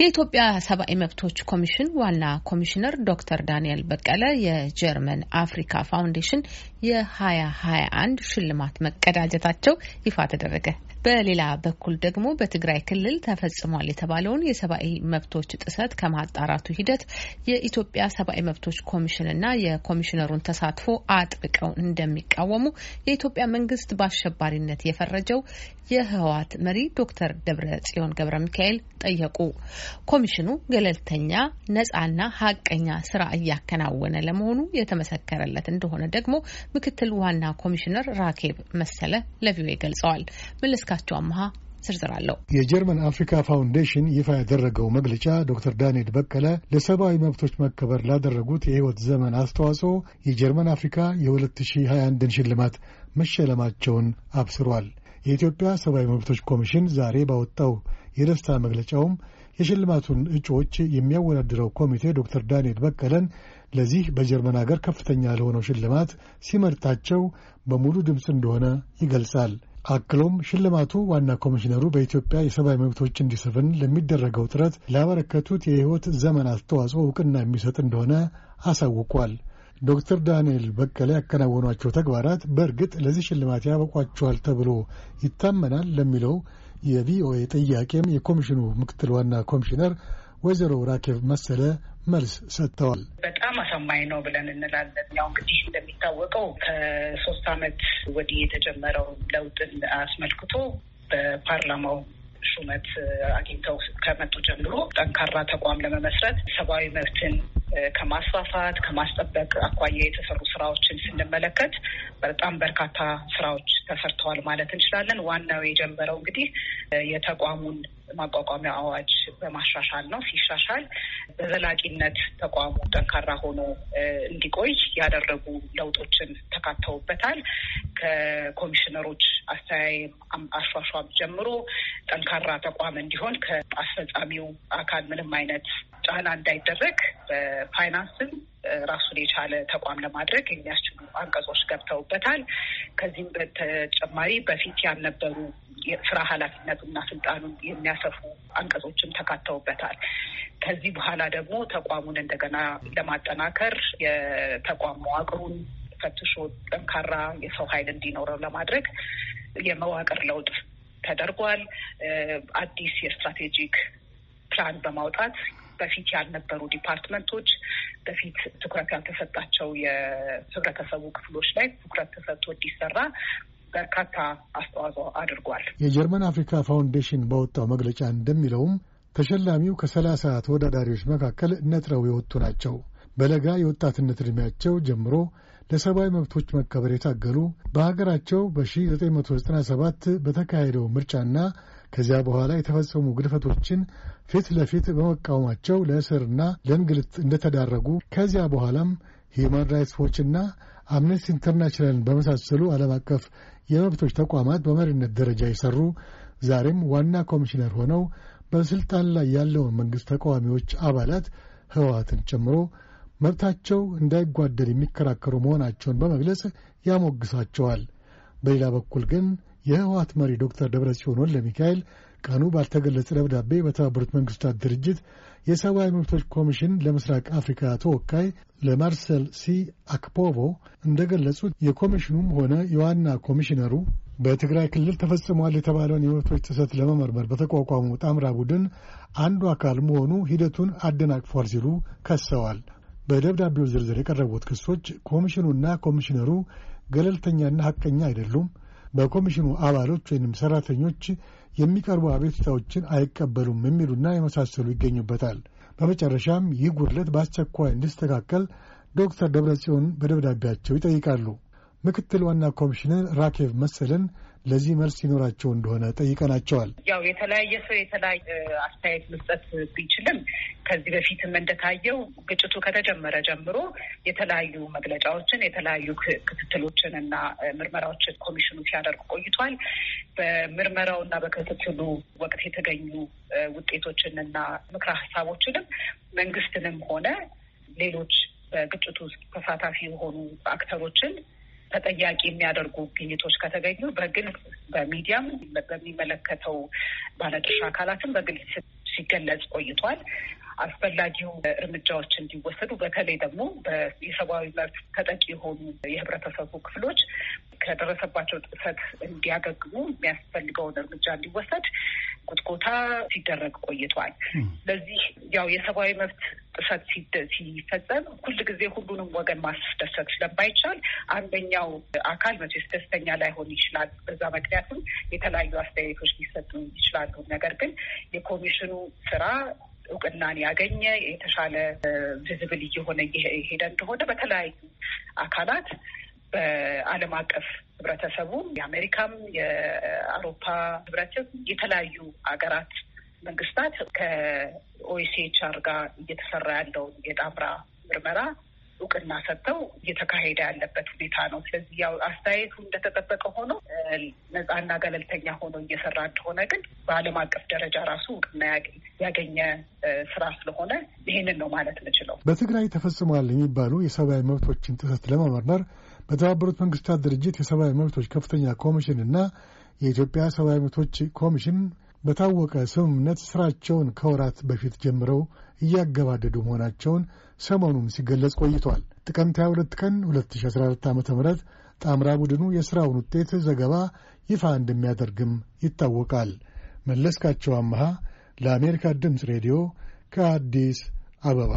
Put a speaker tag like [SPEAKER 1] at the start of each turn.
[SPEAKER 1] የኢትዮጵያ ሰብአዊ መብቶች ኮሚሽን ዋና ኮሚሽነር ዶክተር ዳንኤል በቀለ የጀርመን አፍሪካ ፋውንዴሽን የ2021 ሽልማት መቀዳጀታቸው ይፋ ተደረገ። በሌላ በኩል ደግሞ በትግራይ ክልል ተፈጽሟል የተባለውን የሰብአዊ መብቶች ጥሰት ከማጣራቱ ሂደት የኢትዮጵያ ሰብአዊ መብቶች ኮሚሽንና የኮሚሽነሩን ተሳትፎ አጥብቀው እንደሚቃወሙ የኢትዮጵያ መንግስት በአሸባሪነት የፈረጀው የህወሓት መሪ ዶክተር ደብረ ጽዮን ገብረ ሚካኤል ጠየቁ። ኮሚሽኑ ገለልተኛ ነጻና ሀቀኛ ስራ እያከናወነ ለመሆኑ የተመሰከረለት እንደሆነ ደግሞ ምክትል ዋና ኮሚሽነር ራኬብ መሰለ ለቪኦኤ ገልጸዋል። መለስካቸው አመሃ ዝርዝር
[SPEAKER 2] የጀርመን አፍሪካ ፋውንዴሽን ይፋ ያደረገው መግለጫ ዶክተር ዳንኤል በቀለ ለሰብአዊ መብቶች መከበር ላደረጉት የህይወት ዘመን አስተዋጽኦ የጀርመን አፍሪካ የ2021ን ሽልማት መሸለማቸውን አብስሯል። የኢትዮጵያ ሰብአዊ መብቶች ኮሚሽን ዛሬ ባወጣው የደስታ መግለጫውም የሽልማቱን እጩዎች የሚያወዳድረው ኮሚቴ ዶክተር ዳንኤል በቀለን ለዚህ በጀርመን አገር ከፍተኛ ለሆነው ሽልማት ሲመርጣቸው በሙሉ ድምፅ እንደሆነ ይገልጻል። አክሎም ሽልማቱ ዋና ኮሚሽነሩ በኢትዮጵያ የሰብአዊ መብቶች እንዲሰፍን ለሚደረገው ጥረት ላበረከቱት የሕይወት ዘመን አስተዋጽኦ እውቅና የሚሰጥ እንደሆነ አሳውቋል። ዶክተር ዳንኤል በቀለ ያከናወኗቸው ተግባራት በእርግጥ ለዚህ ሽልማት ያበቋቸዋል ተብሎ ይታመናል ለሚለው የቪኦኤ ጥያቄም የኮሚሽኑ ምክትል ዋና ኮሚሽነር ወይዘሮ ራኬብ መሰለ መልስ ሰጥተዋል።
[SPEAKER 3] በጣም አሳማኝ ነው ብለን እንላለን። ያው እንግዲህ እንደሚታወቀው ከሶስት ዓመት ወዲህ የተጀመረው ለውጥን አስመልክቶ በፓርላማው ሹመት አግኝተው ከመጡ ጀምሮ ጠንካራ ተቋም ለመመስረት ሰብአዊ መብትን ከማስፋፋት ከማስጠበቅ አኳያ የተሰሩ ስራዎችን ስንመለከት በጣም በርካታ ስራዎች ተሰርተዋል ማለት እንችላለን። ዋናው የጀመረው እንግዲህ የተቋሙን ማቋቋሚያ አዋጅ በማሻሻል ነው። ሲሻሻል በዘላቂነት ተቋሙ ጠንካራ ሆኖ እንዲቆይ ያደረጉ ለውጦችን ተካተውበታል። ከኮሚሽነሮች አስተያየም አሿሿም ጀምሮ ጠንካራ ተቋም እንዲሆን ከአስፈጻሚው አካል ምንም አይነት ጫና እንዳይደረግ በፋይናንስም ራሱን የቻለ ተቋም ለማድረግ የሚያስችሉ አንቀጾች ገብተውበታል። ከዚህም በተጨማሪ በፊት ያልነበሩ የስራ ኃላፊነቱና ስልጣኑን የሚያሰፉ አንቀጾችም ተካተውበታል። ከዚህ በኋላ ደግሞ ተቋሙን እንደገና ለማጠናከር የተቋም መዋቅሩን ፈትሾ ጠንካራ የሰው ኃይል እንዲኖረው ለማድረግ የመዋቅር ለውጥ ተደርጓል። አዲስ የስትራቴጂክ ፕላን በማውጣት በፊት ያልነበሩ ዲፓርትመንቶች በፊት ትኩረት ያልተሰጣቸው የህብረተሰቡ ክፍሎች ላይ ትኩረት ተሰጥቶ እንዲሰራ በርካታ አስተዋጽኦ
[SPEAKER 2] አድርጓል። የጀርመን አፍሪካ ፋውንዴሽን ባወጣው መግለጫ እንደሚለውም ተሸላሚው ከሰላሳ ተወዳዳሪዎች መካከል ነጥረው የወጡ ናቸው። በለጋ የወጣትነት ዕድሜያቸው ጀምሮ ለሰብአዊ መብቶች መከበር የታገሉ በሀገራቸው በ1997 በተካሄደው ምርጫና ከዚያ በኋላ የተፈጸሙ ግድፈቶችን ፊት ለፊት በመቃወማቸው ለእስርና ለእንግልት እንደተዳረጉ ከዚያ በኋላም ሂዩማን ራይትስ ዎችና አምነስቲ ኢንተርናሽናልን በመሳሰሉ ዓለም አቀፍ የመብቶች ተቋማት በመሪነት ደረጃ የሰሩ ዛሬም ዋና ኮሚሽነር ሆነው በስልጣን ላይ ያለውን መንግሥት ተቃዋሚዎች አባላት ህወሓትን ጨምሮ መብታቸው እንዳይጓደል የሚከራከሩ መሆናቸውን በመግለጽ ያሞግሳቸዋል። በሌላ በኩል ግን የህወሓት መሪ ዶክተር ደብረጽዮን ወልደ ሚካኤል ቀኑ ባልተገለጸ ደብዳቤ በተባበሩት መንግስታት ድርጅት የሰብአዊ መብቶች ኮሚሽን ለምስራቅ አፍሪካ ተወካይ ለማርሰል ሲ አክፖቮ እንደገለጹት የኮሚሽኑም ሆነ የዋና ኮሚሽነሩ በትግራይ ክልል ተፈጽሟል የተባለውን የመብቶች ጥሰት ለመመርመር በተቋቋመው ጣምራ ቡድን አንዱ አካል መሆኑ ሂደቱን አደናቅፏል ሲሉ ከሰዋል። በደብዳቤው ዝርዝር የቀረቡት ክሶች ኮሚሽኑና ኮሚሽነሩ ገለልተኛና ሐቀኛ አይደሉም፣ በኮሚሽኑ አባሎች ወይም ሠራተኞች የሚቀርቡ አቤቱታዎችን አይቀበሉም የሚሉና የመሳሰሉ ይገኙበታል። በመጨረሻም ይህ ጉድለት በአስቸኳይ እንዲስተካከል ዶክተር ደብረ በደብዳቤያቸው ይጠይቃሉ። ምክትል ዋና ኮሚሽነር ራኬቭ መሰልን ለዚህ መልስ ይኖራቸው እንደሆነ ጠይቀናቸዋል።
[SPEAKER 3] ያው የተለያየ ሰው የተለያየ አስተያየት መስጠት ቢችልም ከዚህ በፊትም እንደታየው ግጭቱ ከተጀመረ ጀምሮ የተለያዩ መግለጫዎችን፣ የተለያዩ ክትትሎችን እና ምርመራዎችን ኮሚሽኑ ሲያደርግ ቆይቷል። በምርመራው እና በክትትሉ ወቅት የተገኙ ውጤቶችን እና ምክረ ሀሳቦችንም መንግስትንም ሆነ ሌሎች በግጭቱ ውስጥ ተሳታፊ የሆኑ አክተሮችን ተጠያቂ የሚያደርጉ ግኝቶች ከተገኙ በግልጽ በሚዲያም በሚመለከተው ባለድርሻ አካላትም በግል ሲገለጽ ቆይቷል። አስፈላጊው እርምጃዎች እንዲወሰዱ በተለይ ደግሞ የሰብአዊ መብት ተጠቂ የሆኑ የህብረተሰቡ ክፍሎች ከደረሰባቸው ጥሰት እንዲያገግሙ የሚያስፈልገውን እርምጃ እንዲወሰድ ቁጥቆታ ሲደረግ ቆይቷል። ስለዚህ ያው የሰብአዊ መብት ጥሰት ሲፈጸም ሁል ጊዜ ሁሉንም ወገን ማስደሰት ስለማይቻል አንደኛው አካል መቼስ ደስተኛ ላይሆን ይችላል። በዛ ምክንያቱም የተለያዩ አስተያየቶች ሊሰጡ ይችላሉ። ነገር ግን የኮሚሽኑ ስራ እውቅናን ያገኘ የተሻለ ቪዝብል እየሆነ ሄደ እንደሆነ በተለያዩ አካላት በዓለም አቀፍ ህብረተሰቡ የአሜሪካም የአውሮፓ ህብረትም የተለያዩ ሀገራት መንግስታት ከኦኤስኤችአር ጋር እየተሰራ ያለውን የጣምራ ምርመራ እውቅና ሰጥተው እየተካሄደ ያለበት ሁኔታ ነው። ስለዚህ ያው አስተያየቱ እንደተጠበቀ ሆኖ ነፃና ገለልተኛ ሆኖ እየሰራ እንደሆነ ግን በዓለም አቀፍ ደረጃ ራሱ እውቅና ያገኘ ስራ ስለሆነ ይህንን ነው ማለት የምችለው።
[SPEAKER 2] በትግራይ ተፈጽሟል የሚባሉ የሰብአዊ መብቶችን ጥሰት ለመመርመር በተባበሩት መንግስታት ድርጅት የሰብአዊ መብቶች ከፍተኛ ኮሚሽን እና የኢትዮጵያ ሰብአዊ መብቶች ኮሚሽን በታወቀ ስምምነት ስራቸውን ከወራት በፊት ጀምረው እያገባደዱ መሆናቸውን ሰሞኑም ሲገለጽ ቆይቷል። ጥቅምት 22 ቀን 2014 ዓ ም ጣምራ ቡድኑ የሥራውን ውጤት ዘገባ ይፋ እንደሚያደርግም ይታወቃል። መለስካቸው አመሃ ለአሜሪካ ድምፅ ሬዲዮ ከአዲስ አበባ